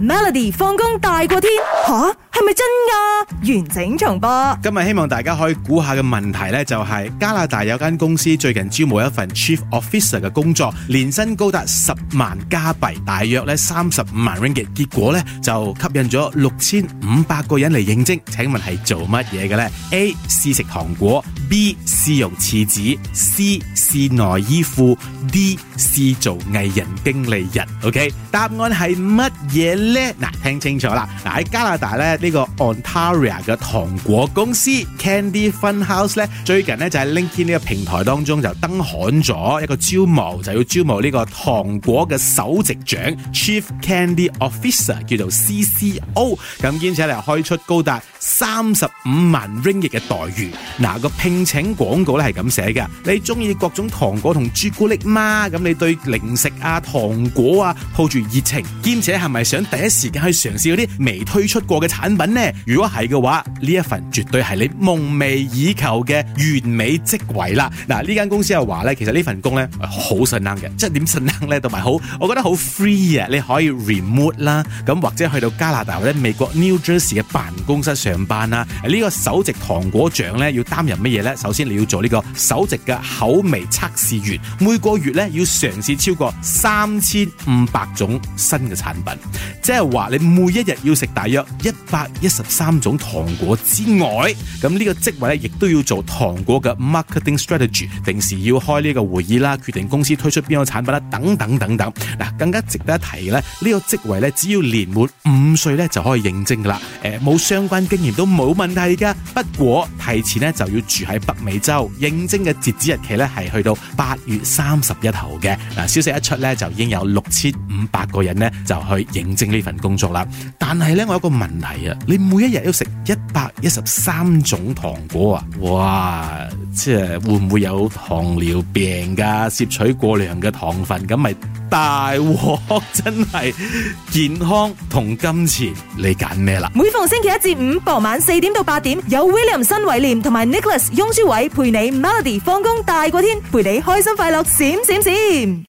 Melody 放工大過天，吓？係咪真噶？完整重播。今日希望大家可以估下嘅問題呢、就是，就係加拿大有間公司最近招募一份 Chief Officer 嘅工作，年薪高達十萬加幣，大約呢三十五萬 ringgit。結果呢，就吸引咗六千五百個人嚟應徵。請問係做乜嘢嘅呢？A. 試食糖果，B. 試用廁紙，C. 試內衣褲，D. 試做藝人經理人。OK，答案係乜嘢？咧嗱，聽清楚啦！嗱喺加拿大咧呢、這個 Ontario 嘅糖果公司 Candy Fun House 咧，最近咧就喺 LinkedIn 呢個平台當中就登刊咗一個招募，就要招募呢個糖果嘅首席長 Chief Candy Officer，叫做 C C O。咁兼且嚟開出高達三十五萬 ringgit 嘅待遇。嗱、那個聘請廣告咧係咁寫嘅：你中意各種糖果同朱古力嗎？咁你對零食啊糖果啊抱住熱情，兼且係咪想第？第一時間去嘗試嗰啲未推出過嘅產品呢？如果係嘅話，呢一份絕對係你夢寐以求嘅完美職位啦。嗱，呢間公司又話呢，其實呢份工呢好信得嘅，即係點信得呢？同埋好，我覺得好 free 啊，你可以 remote 啦，咁或者去到加拿大或者美國 New Jersey 嘅辦公室上班啦。呢、這個首席糖果獎呢，要擔任乜嘢呢？首先你要做呢個首席嘅口味測試員，每個月呢要嘗試超過三千五百種新嘅產品。即係話你每一日要食大約一百一十三種糖果之外，咁呢個職位咧，亦都要做糖果嘅 marketing strategy，定時要開呢個會議啦，決定公司推出邊個產品啦，等等等等。嗱，更加值得一提咧，呢個職位咧，只要年滿五歲咧就可以應徵噶啦，誒，冇相關經驗都冇問題噶。不過提前呢就要住喺北美洲，應徵嘅截止日期呢係去到八月三十一號嘅。嗱，消息一出呢就已經有六千五百個人呢就去應徵呢份工作啦。但係呢，我有一個問題啊，你每一日要食一百一十三種糖果啊，哇！即係會唔會有糖尿病㗎？攝取過量嘅糖分，咁咪大鑊！真係健康同金錢，你揀咩啦？每逢星期一至五傍晚四點到八點，有 William 新偉廉同埋 Nicholas 雍舒偉陪你 Melody 放工大過天，陪你開心快樂閃閃閃。閃閃閃。